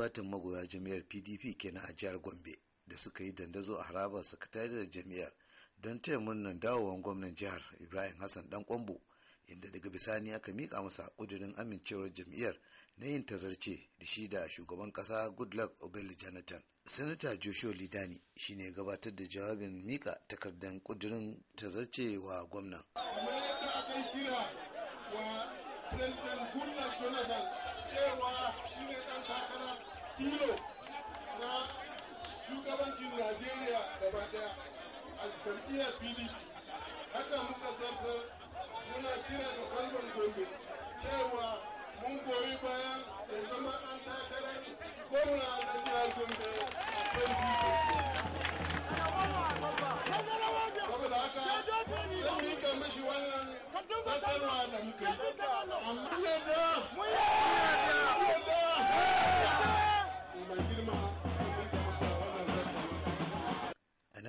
Gabatin magoya jami'ar PDP kenan a jihar Gombe da suka yi dandazo a harabar sakatariyar jam'iyyar don taya murnan dawowar gwamnan jihar Ibrahim Hassan Dan Kwambo inda daga bisani aka mika masa kudirin amincewar jam'iyyar na yin tazarce da shi da shugaban kasa Goodluck Obele Jonathan. Sanata Joshua Lidani shine gabatar da jawabin mika takardar kudirin tazarce wa gwamnan. wa President Goodluck Jonathan cewa shi ɗan tilo na shugabancin najeriya gaba daya a jam'iyyar pdp haka muka zartar muna kira da kalmar gombe cewa mun goyi bayan da zama an takarar gwamna na jihar gombe a saboda haka zan mika mashi wannan zartarwa da muka yi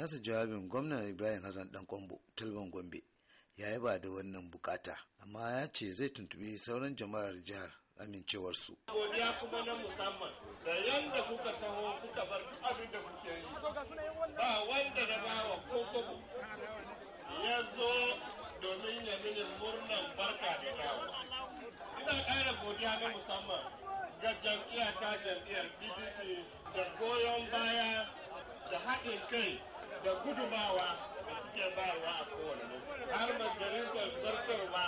nasa jawabin gwamnan ibrahim hassan dan kwambo talban gombe ya yaba da wannan bukata amma ya ce zai tuntubi sauran jama'ar jihar amincewarsu. Godiya kuma na musamman da yadda kuka taho kuka bar duk abin da kuke yi ba wanda na ba wa ya zo domin ya nuna murnan barka da yawa Ina ƙara godiya na musamman ga ta jam'iyyar PDP da goyon baya da haɗin kai da gudumawa da suke bayarwa a kowane lokaci har majalisar zartarwa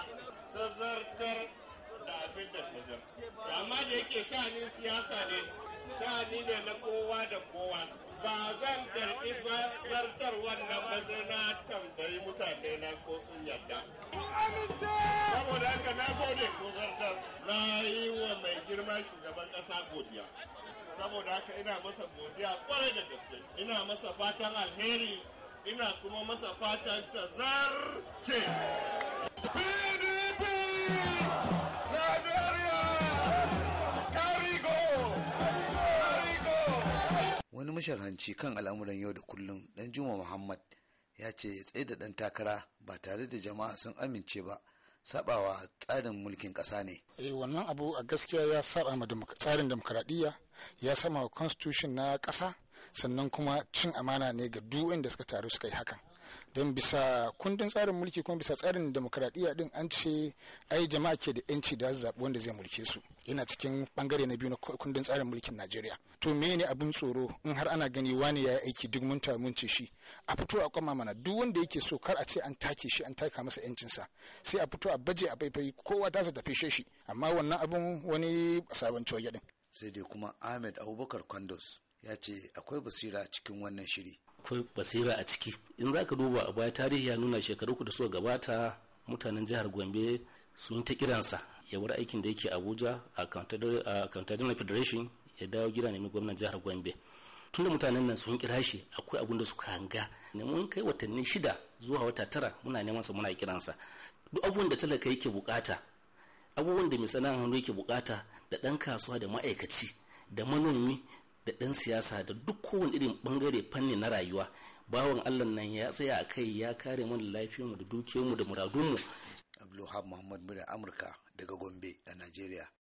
ta zartar da abin da ta zartar amma da yake sha'anin siyasa ne sha'ani ne na kowa da kowa ba zan karɓi zartar wannan ba sai na tambayi mutane na so sun yarda. Saboda haka na gode ko zartar na yi wa mai girma shugaban ƙasa godiya. haka ina masa godiya kwarai da gaske ina masa fatan alheri ina kuma masa fatan tazarce pdp wani masharhanci kan al'amuran yau da kullum dan juma muhammad ya ce ya tsaye da dan takara ba tare da jama'a sun amince ba sabawa tsarin mulkin ƙasa ne. Eh wannan abu a gaskiya ya saba ma tsarin demokradiyya ya sama constitution na ƙasa sannan kuma cin amana ne ga duk da suka taru suka yi hakan don bisa kundin tsarin mulki kuma bisa tsarin demokradiyya din an ce ai jama'a ke da yanci da zaɓi wanda zai mulke su yana cikin bangare na biyu na kundin tsarin mulkin najeriya to me ne abin tsoro in har ana gani wani ya aiki duk mun mun ce shi a fito a kwama mana duk wanda yake so kar a ce an take shi an taka masa yancin sa sai a fito a baje a faifai kowa ta tafi shi amma wannan abin wani sabon coge din sai dai kuma ahmed abubakar kwandos ya ce akwai basira a cikin wannan shiri akwai basira a ciki in za ka duba a baya tarihi ya nuna shekaru da suka gabata mutanen jihar gombe sun ta kiransa ya bar aikin da yake abuja a counter federation ya dawo gida nemi gwamnan jihar gombe tunda mutanen nan sun kira shi akwai abin da suka hanga ne mun kai watanni shida zuwa wata tara muna neman sa muna kiransa duk abubuwan da talaka yake bukata abubuwan da mai sana'ar hannu yake bukata da ɗan kasuwa da ma'aikaci da manomi da ɗan siyasa da duk kowane irin bangare fanni na rayuwa bawan allah nan ya tsaya a kai ya kare mana lafiyarmu da dukiyarmu da muradunmu abdulhab muhammad muryar amurka daga gombe a najeriya